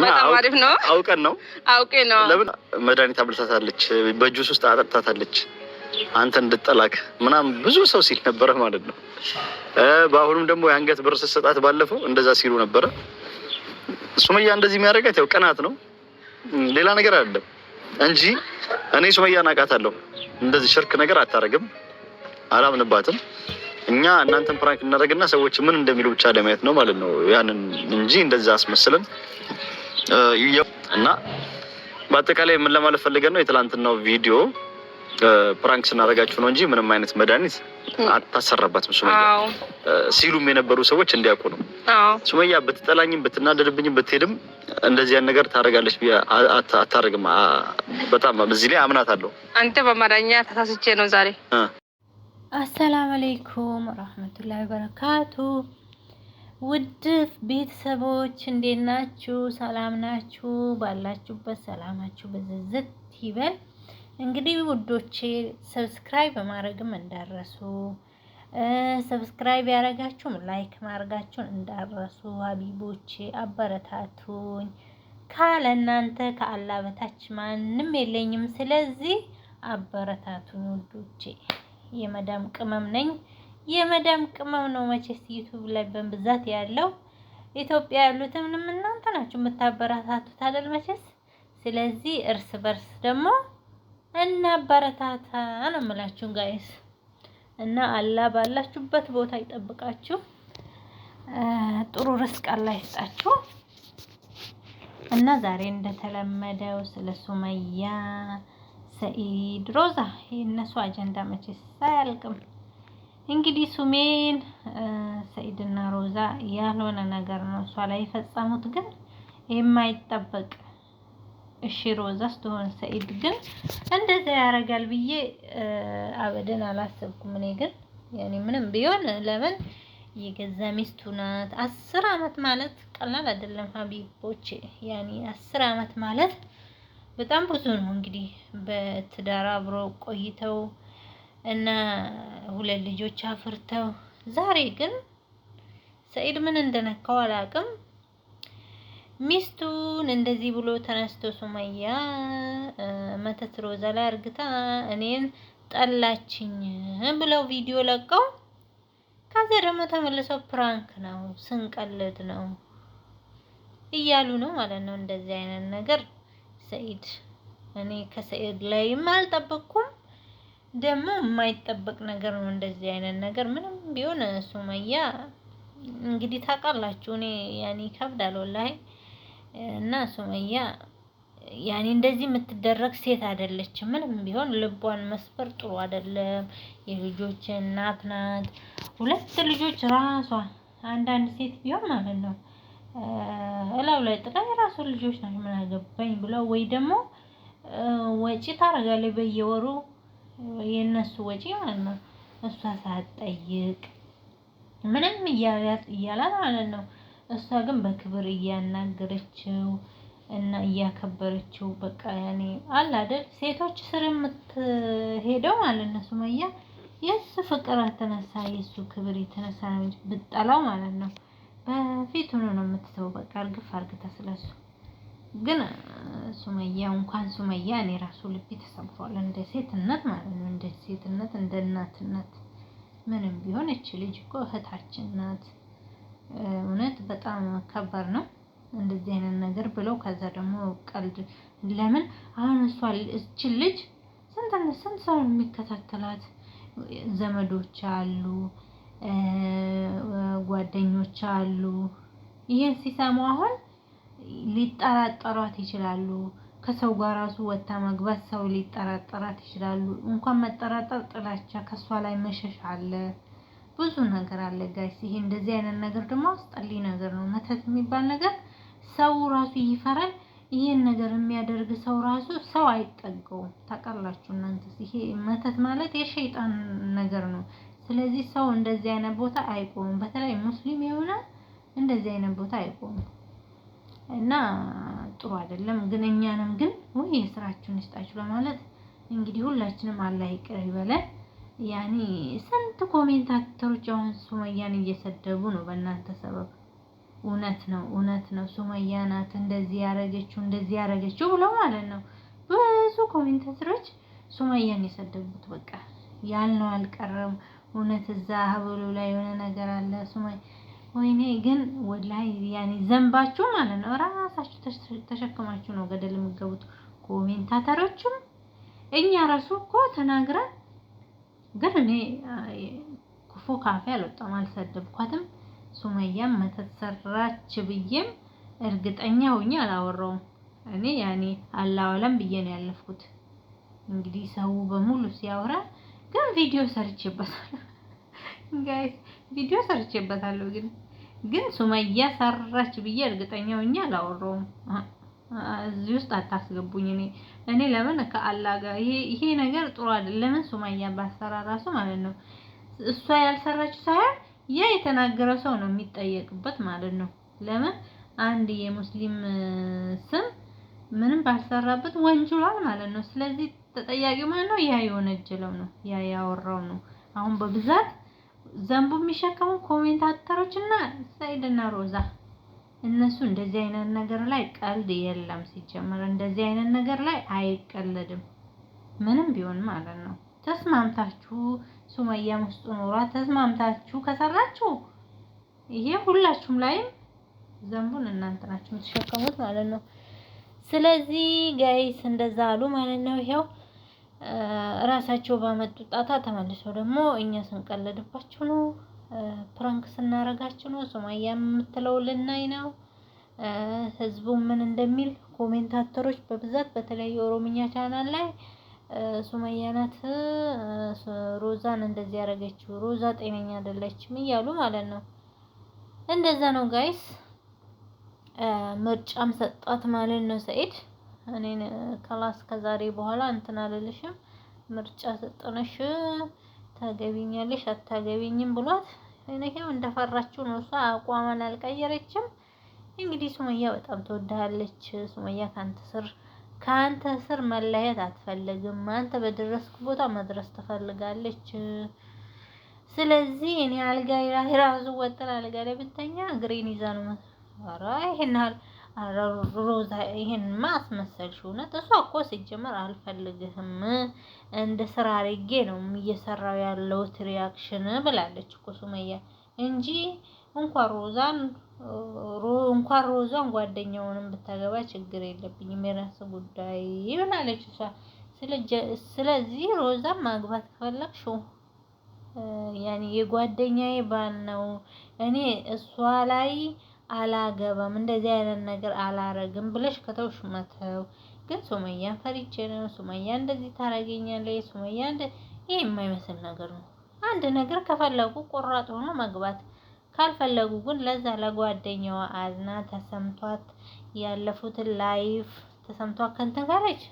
በጣም አሪፍ ነው። አውቀን ነው አውቄ ነው። ለምን መድኃኒት አብልታታለች፣ በጁስ ውስጥ አጠጥታታለች፣ አንተ እንድጠላክ ምናምን ብዙ ሰው ሲል ነበረ ማለት ነው። በአሁኑም ደግሞ የአንገት ብር ስትሰጣት ባለፈው እንደዛ ሲሉ ነበረ። ሱመያ እንደዚህ የሚያደርጋት ያው ቅናት ነው፣ ሌላ ነገር አይደለም እንጂ እኔ ሱመያን አውቃታለሁ። እንደዚህ ሽርክ ነገር አታረግም፣ አላምንባትም። እኛ እናንተን ፕራንክ እናደርግና ሰዎች ምን እንደሚሉ ብቻ ለማየት ነው ማለት ነው። ያንን እንጂ እንደዛ አስመስለን እና በአጠቃላይ ምን ለማለት ፈልገን ነው የትላንትናው ቪዲዮ ፕራንክ ስናደርጋችሁ ነው እንጂ ምንም አይነት መድኃኒት አታሰራባትም ሱመያ ሲሉም የነበሩ ሰዎች እንዲያውቁ ነው። ሱመያ ብትጠላኝም ብትናደድብኝም ብትሄድም እንደዚያን ነገር ታደርጋለች ብዬ አታደርግም። በጣም እዚህ ላይ አምናት አለው። አንተ በማዳኛ ተሳስቼ ነው ዛሬ። አሰላም አለይኩም ረህመቱላሂ በረካቱ ውድ ቤተሰቦች እንዴት ናችሁ? ሰላም ናችሁ? ባላችሁበት ሰላማችሁ ብዝዝት ይበል። እንግዲህ ውዶቼ ሰብስክራይብ ማድረግም እንዳረሱ፣ ሰብስክራይብ ያደረጋችሁም ላይክ ማድረጋችሁን እንዳረሱ። ሀቢቦቼ አበረታቱኝ። ካለ እናንተ ከአላ በታች ማንም የለኝም። ስለዚህ አበረታቱኝ ውዶቼ፣ የመዳም ቅመም ነኝ። የመዳም ቅመም ነው መቼስ ዩቱብ ላይ በብዛት ያለው። ኢትዮጵያ ያሉትም እናንተ ናችሁ የምታበረታቱት አይደል መቼስ። ስለዚህ እርስ በርስ ደግሞ እናበረታታ ነው የምላችሁ ጋይስ። እና አላ ባላችሁበት ቦታ ይጠብቃችሁ፣ ጥሩ ርስቅ አላህ ይስጣችሁ። እና ዛሬ እንደተለመደው ስለ ሱመያ ሰኢድ ሮዛ የእነሱ አጀንዳ መቼስ አያልቅም። እንግዲህ ሱሜን ሰኢድና ሮዛ ያልሆነ ነገር ነው እሷ ላይ የፈጸሙት፣ ግን የማይጠበቅ እሺ፣ ሮዛ ስትሆን ሰኢድ ግን እንደዛ ያደርጋል ብዬ አበደን አላሰብኩም። እኔ ግን ያኔ ምንም ቢሆን ለምን የገዛ ሚስቱ ናት። አስር አመት ማለት ቀላል አይደለም ሀቢቦች፣ ያኔ አስር አመት ማለት በጣም ብዙ ነው። እንግዲህ በትዳር አብሮ ቆይተው እና ሁለት ልጆች አፍርተው ዛሬ ግን ሰኢድ ምን እንደነካው አላውቅም። ሚስቱን እንደዚህ ብሎ ተነስቶ ሱመያ መተት ሮዛ ላይ አርግታ እኔን ጠላችኝ ብለው ቪዲዮ ለቀው፣ ከዚያ ደግሞ ተመልሰው ፕራንክ ነው ስንቀልድ ነው እያሉ ነው ማለት ነው። እንደዚህ አይነት ነገር ሰኢድ እኔ ከሰኢድ ላይም አልጠበቅኩም። ደግሞ የማይጠበቅ ነገር ነው። እንደዚህ አይነት ነገር ምንም ቢሆን ሱመያ እንግዲህ ታውቃላችሁ፣ እኔ ያኔ ይከብዳል ወላሂ። እና ሱመያ ያኔ እንደዚህ የምትደረግ ሴት አይደለችም። ምንም ቢሆን ልቧን መስበር ጥሩ አይደለም። የልጆች እናት ናት፣ ሁለት ልጆች ራሷ። አንዳንድ ሴት ቢሆን ማለት ነው እላው ላይ ጥላ የራሷ ልጆች ናቸው ምን አገባኝ ብለው ወይ ደግሞ ወጪ ታደርጋለች በየወሩ የእነሱ ወጪ ማለት ነው። እሷ ሳትጠይቅ ምንም እያላት ማለት ነው። እሷ ግን በክብር እያናገረችው እና እያከበረችው በቃ ያኔ አለ አይደል ሴቶች ስር የምትሄደው ማለት ነው ሱመያ የሱ ፍቅር የተነሳ የሱ ክብር የተነሳ ነው እንጂ ማለት ነው። በፊት ሆኖ ነው የምትተው በቃ እርግፍ አርግታ ስለሱ ግን ሱመያ እንኳን ሱመያ እኔ ራሱ ልቤ ተሰብሯል። እንደ ሴትነት ማለት ነው፣ እንደ ሴትነት፣ እንደ እናትነት ምንም ቢሆን እች ልጅ እኮ እህታችን ናት። እውነት በጣም ከባድ ነው እንደዚህ አይነት ነገር ብለው ከዛ ደግሞ ቀልድ ለምን አሁን እሷ እችን ልጅ ስንት ስንት ሰው የሚከታተላት ዘመዶች አሉ፣ ጓደኞች አሉ። ይሄን ሲሰሙ አሁን ሊጠራጠሯት ይችላሉ። ከሰው ጋር ራሱ ወታ መግባት ሰው ሊጠራጠራት ይችላሉ። እንኳን መጠራጠር ጥላቻ ከእሷ ላይ መሸሽ አለ። ብዙ ነገር አለ ጋይስ። ይሄ እንደዚህ አይነት ነገር ደግሞ አስጠሊ ነገር ነው። መተት የሚባል ነገር ሰው ራሱ ይፈራል። ይሄን ነገር የሚያደርግ ሰው ራሱ ሰው አይጠጋውም። ታውቃላችሁ እናንተ። ይሄ መተት ማለት የሸይጣን ነገር ነው። ስለዚህ ሰው እንደዚህ አይነት ቦታ አይቆምም። በተለይ ሙስሊም የሆነ እንደዚህ አይነት ቦታ አይቆምም። እና ጥሩ አይደለም። ግን እኛንም ግን ወይ የስራችሁን ይስጣችሁ ለማለት እንግዲህ ሁላችንም አላህ ይቅር ይበለን። ያኔ ስንት ኮሜንታተሮች አሁን ሱመያን እየሰደቡ ነው በእናንተ ሰበብ። እውነት ነው እውነት ነው ሱመያ ናት እንደዚህ ያረገችው እንደዚህ ያረገችው ብለው ማለት ነው ብዙ ኮሜንታተሮች ሱመያን የሰደቡት በቃ ያልነው አልቀረም። እውነት እዛ ሀበሉ ላይ የሆነ ነገር አለ ሱመያ ወይኔ ግን ወላይ ያኔ ዘንባችሁ ማለት ነው። ራሳችሁ ተሸክማችሁ ነው ገደል የምትገቡት። ኮሜንታተሮችም እኛ ራሱ እኮ ተናግረን ግን እኔ ክፉ ካፌ አልወጣም፣ አልሰደብኳትም። ሱመያም መተሰራች ብዬም እርግጠኛ ሆኜ አላወራውም። እኔ ያኔ አላወለም ብዬ ነው ያለፍኩት። እንግዲህ ሰው በሙሉ ሲያወራ ግን ቪዲዮ ሰርቼበታለሁ። ጋይስ ቪዲዮ ሰርቼበታለሁ ግን ግን ሱመያ ሰራች ብዬ እርግጠኛ ሆኜ አላወራውም። እዚህ ውስጥ አታስገቡኝ። እኔ እኔ ለምን ከአላህ ጋር ይሄ ነገር ጥሩ አይደለም። ለምን ሱመያ ባሰራ ራሱ ማለት ነው እሷ ያልሰራች ሳይሆን ያ የተናገረ ሰው ነው የሚጠየቅበት ማለት ነው። ለምን አንድ የሙስሊም ስም ምንም ባልሰራበት ወንጅሏል ማለት ነው። ስለዚህ ተጠያቂው ማለት ነው ያ የወነጀለው ነው ያ ያወራው ነው አሁን በብዛት ዘንቡ የሚሸከሙ ኮሜንታተሮች እና ሰይድ እና ሮዛ እነሱ እንደዚህ አይነት ነገር ላይ ቀልድ የለም። ሲጀመር እንደዚህ አይነት ነገር ላይ አይቀለድም፣ ምንም ቢሆን ማለት ነው። ተስማምታችሁ ሱመያም ውስጡ ኖሯ ተስማምታችሁ ከሰራችሁ ይሄ ሁላችሁም ላይም ዘንቡን እናንተ ናችሁ የምትሸከሙት ማለት ነው። ስለዚህ ጋይስ እንደዛ አሉ ማለት ነው ይሄው ራሳቸው ባመጡ ጣታ ተመልሰው ደግሞ እኛ ስንቀለድባቸው ነው፣ ፕራንክ ስናረጋቸው ነው፣ ሱማያ የምትለው ልናይ ነው። ህዝቡ ምን እንደሚል ኮሜንታተሮች በብዛት በተለያዩ ኦሮምኛ ቻናል ላይ ሱማያ ናት ሮዛን እንደዚህ ያደረገችው፣ ሮዛ ጤነኛ አይደለችም እያሉ ማለት ነው። እንደዛ ነው ጋይስ። ምርጫም ሰጣት ማለት ነው ሰኢድ እኔን ከላስ ከዛሬ በኋላ እንትን አልልሽም፣ ምርጫ ሰጠነሽ፣ ታገቢኛለሽ አታገቢኝም ብሏት ይሄው እንደፈራችው ነው። እሷ አቋሟን አልቀየረችም። እንግዲህ ሱመያ በጣም ትወድሃለች። ሱመያ ካንተ ስር ካንተ ስር መለየት አትፈልግም። አንተ በደረስክ ቦታ መድረስ ትፈልጋለች። ስለዚህ እኔ አልጋ ላይ ራሱ ወጥራ አልጋ ላይ ብተኛ እግሬን ይዛ ነው። ኧረ ይሄን ሮዛ ይሄንማ አስመሰልሽ። እውነት እሷ እኮ ሲጀመር አልፈልግህም እንደ ስራ አድርጌ ነው እየሰራው ያለውት ሪያክሽን ብላለች እኮ ሱመያ እንጂ እንኳን ሮዛን እንኳን ሮዛን ጓደኛውንም ብታገባ ችግር የለብኝም የራስ ጉዳይ ብላለች እሷ። ስለዚህ ሮዛን ማግባት ከፈለግሽው ያኔ የጓደኛዬ ባል ነው እኔ እሷ ላይ አላገባም እንደዚህ አይነት ነገር አላረግም ብለሽ ከተውሽ መተው። ግን ሱመያን ፈሪቼ ነው፣ ሱመያ እንደዚህ ታረገኛለች፣ ሱመያ እንደ ይሄ የማይመስል ነገር ነው። አንድ ነገር ከፈለጉ ቆራጥ ሆኖ መግባት ካልፈለጉ ግን ለዛ ለጓደኛዋ አዝና ተሰምቷት ያለፉትን ላይፍ ተሰምቷት ከንትን ካለች